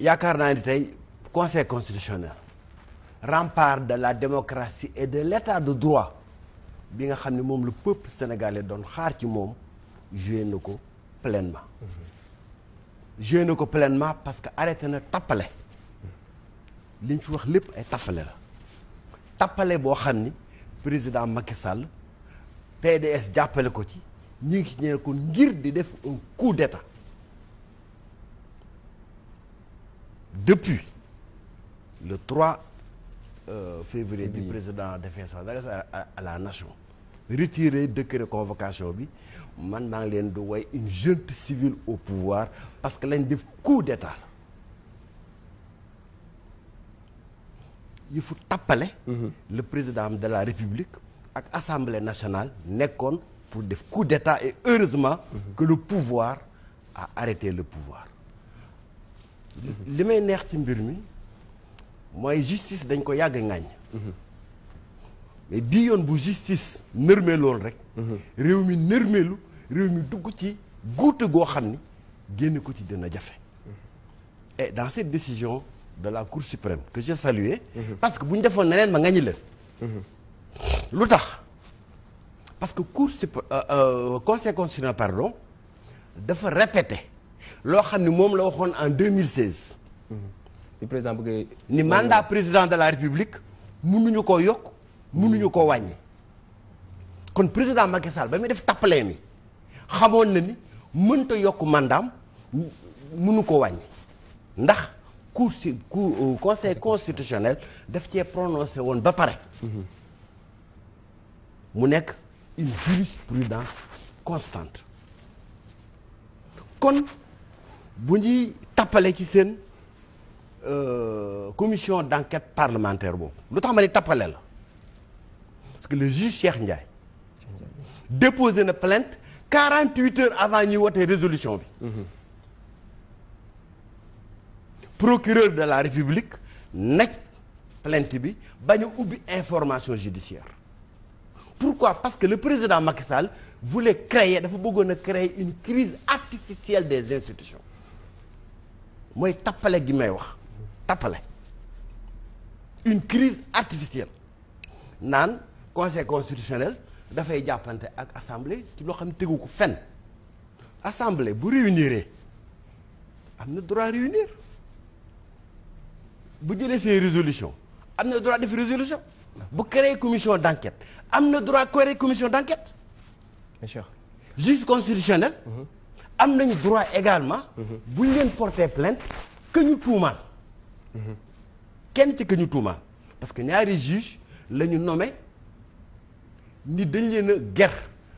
yaakaar naa ni tey conseil constitutionnel rempart de la démocratie et de l'état de droit bi nga xam ne moom lu pëpp sénégalais doon xaar ci moom joué na ko pleinement joué na ko pleinement parce que arrêté na tappale li ñu fi wax lépp ay tappale la tappale boo xam ni président Macky Sall PDS jàppale ko ci ñu ngi ci ne ko ngir di def un coup d'état depuis le 3 euh, février bi président defee son adresse à la nation retirer décret convocation bi man maa leen di woy une junte civile au pouvoir parce que lañ def coup d'état yëfu tappale mhm. le président de la république ak assemblée nationale nekkoon pour def coup d'état et heureusement mhm. que le pouvoir a arrêté le pouvoir li may neex ci mbir mi mooy justice dañ ko yàgg ngaañ mais bii yoon bu justice nërmeelool rek réew mi nërmeelu réew mi dugg ci guute goo xam ni génn ko ci dina jafe et dans cette décision de la cour suprême que j'ai salué parce que bu ñu defoon neneen ma ngañi leen lu tax parce que cour conséquence euh, euh, pardon dafa répété loo xam ne moom la waxoon en 2016. bi président bëggee ni mandat président de la république mënuñu koo yokk mënuñu koo wàññi. kon président Macky Sall ba muy def tappalee mi xamoon na ni mënta yokk mandam mënu ko wàññi ndax cour si cour euh, conseil constitutionnel daf cee prononcé woon ba pare. mu nekk une jurisprudence constante kon. bu ñuy tappale ci seen euh, commission d'enquête parlementaire boobu lu tax ma ni tappale la parce que le juge Cheikh Ndiaye déposé na plainte 48 heures avant ñuy wotee résolution bi mmh. procureur de la république naj plainte bi bañ ubbi information judiciaire pourquoi parce que le président Macky Sall voulait créer dafa bëggoon a créer une crise artificielle des institutions mooy tappale gi may wax tappale une crise artificielle naan conseil constitutionnel dafay jàppante ak assemblée ci loo xam ne tegu ko fen assemblée bu réuniree am na droit réunir bu jële seen résolution am na droit def résolution bu créer commission d' enquête am na droit créer commission d' enquête juge constitutionnel. Mm am nañu droit également. buñ leen porter plainte que ñu tuumaal. kenn ci que ñu parce que ñaari juge la ñu nommé ni dañ leen a ger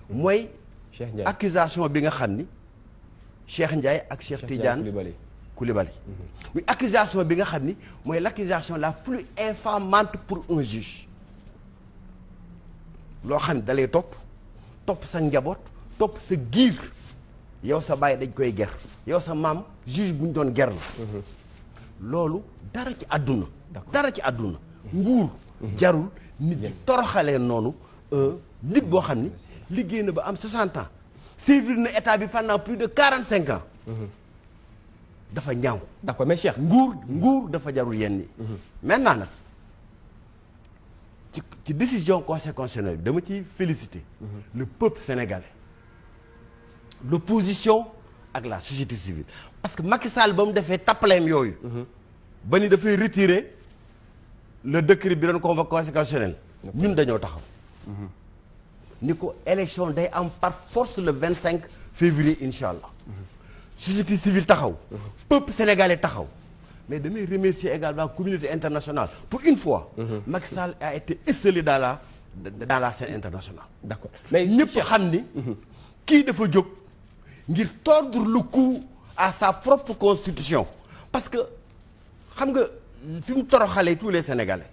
mooy. Cheikh Ndiaye accusation bi nga xam ni Cheikh Ndiaye ak Cheikh Tidiane Koulibaly Koulibaly. muy mhm. accusation bi nga xam ni mooy l'accusation la plus infamante pour un juge. loo xam ne dalay topp topp sa njaboot topp sa giir. yow sa bàyyi dañ koy ger yow sa maam juge bu ñu doon ger la mhm. loolu dara ci àdduna dara ci àdduna nguur mhm. jarul nit di toroxalee noonu euh, nit boo xam ni liggéey na ba am 60 ans servir na état bi pendant plus de 45 ans mhm. dafa ñaaw d'accord mais Cheikh nguur nguur dafa jarul yenn yi maintenant nag ci ci décision conseil constitutionnel bi dama ciy féliciter le peuple sénégalais l'opposition ak la société civile parce que Macky Sall ba mu defee tappaleem yooyu ba ni dafay retirer le décret bi doon convoqué constitutionnel ñun dañoo taxaw ni ko élection day am par force le vingt cinq février insha allah société civile taxaw peuple sénégalais taxaw mais damay remercier également communauté internationale pour une fois Macky Sall a été esseulé dans la dans la scène internationale d'accord xam ni kii dafa jóg ngir tordre le cou à sa propre constitution parce que xam nga fi mu toroxalee tous les sénégalais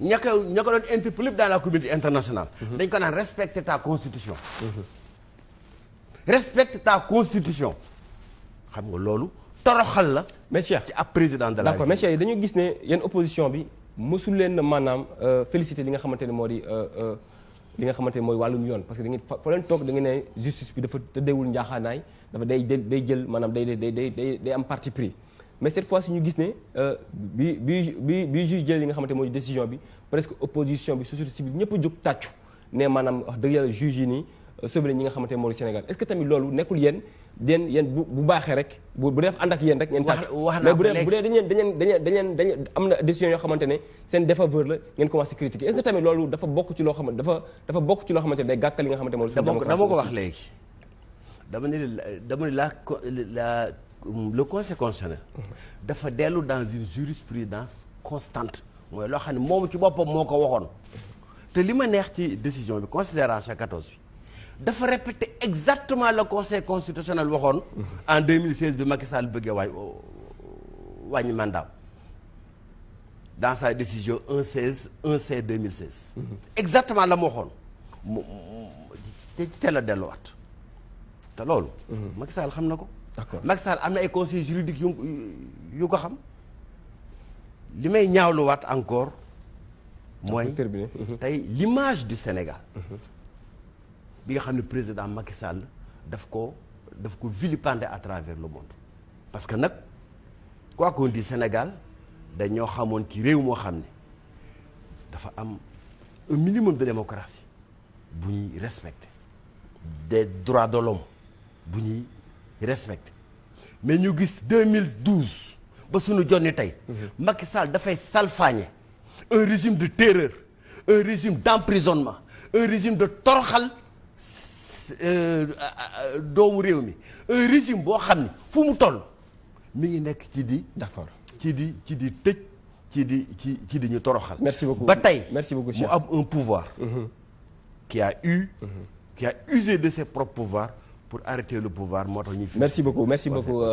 ña ko ña ko doon interpellé dans la communauté internationale. Mhm. dañ ko naan respecte ta constitution. respecte ta constitution xam nga loolu toroxal la. mais Cheikh ci ab président de la. d'accord mais Cheikh gis ne yéen opposition bi mësul leen maanaam euh, félicité li nga xamante ne moo di. Euh, euh, li nga xamante ne mooy wàllum yoon parce que da ngeen fa leen toog da ne justice bi dafa tëddeewul njaaxaanaay dafa day day jël maanaam day day day day day am parti pris mais cette fois ci ñu gis ne euh, bi bi bi bi juge jël li nga xamante mooy décision bi presque opposition bi société civile ñëpp a jóg tàccu ne maanaam wax dëgg yàlla juge yi nii sauver ñi nga xamante ne moo di Sénégal est-ce que tamit loolu nekkul yéen yéen yéen bu bu baaxee rek bu bu def ànd ak yéen rek ngeen tàcc wax bu bu dee dañeen dañeen dañeen dañeen dañ am na décision yoo xamante ne seen défaveur la ngeen commencé critiquer est-ce que tamit loolu dafa bokk ci loo dafa dafa bokk ci loo xamante ne day dama ko léegi dama ne dama ne la la le conseil dafa dellu dans une jurisprudence constante mooy loo xam ne moom ci boppam moo ko waxoon te li ma neex ci décision bi considération 14 bi dafa répéter exactement la conseil constitutionnel waxoon en 2016 bi Macky Sall bëggee waay euh, wàññi mandat dans sa décision 1 16 1 C 2016 exactement la mu waxoon mu ci ca la delluwaat te loolu Macky xam na ko d'accord Macky Sall am na ay conseils juridiques yu yu ko xam li may ñaawluwaat encore mooy tey l'image du Sénégal mhm. bi nga xam ne président Macky Sall daf ko daf ko vilipender à travers le monde parce que nag quoi qu'on dit Sénégal dañoo xamoon ci réew moo xam ne dafa am un minimum de démocratie bu ñuy respecte des droit de l'homme bu ñuy respecte mais ñu gis 2012 ba suñu jonni tey mhm. Macky Sall dafay salfaañe un régime de terreur un régime d'emprisonnement un régime de torxal Euh, doomu réew mi un régime boo xam ni fu mu toll mi ngi nekk ci di. d'accord ci di ci di tëj ci di ci ci di ñu toroxal. merci beaucoup ba tey. merci beaucoup mu am un pouvoir. Mhm. qui a eu. Mhm. qui a usé de ses propres pouvoirs pour arrêter le pouvoir moo tax ñu. merci beaucoup merci beaucoup.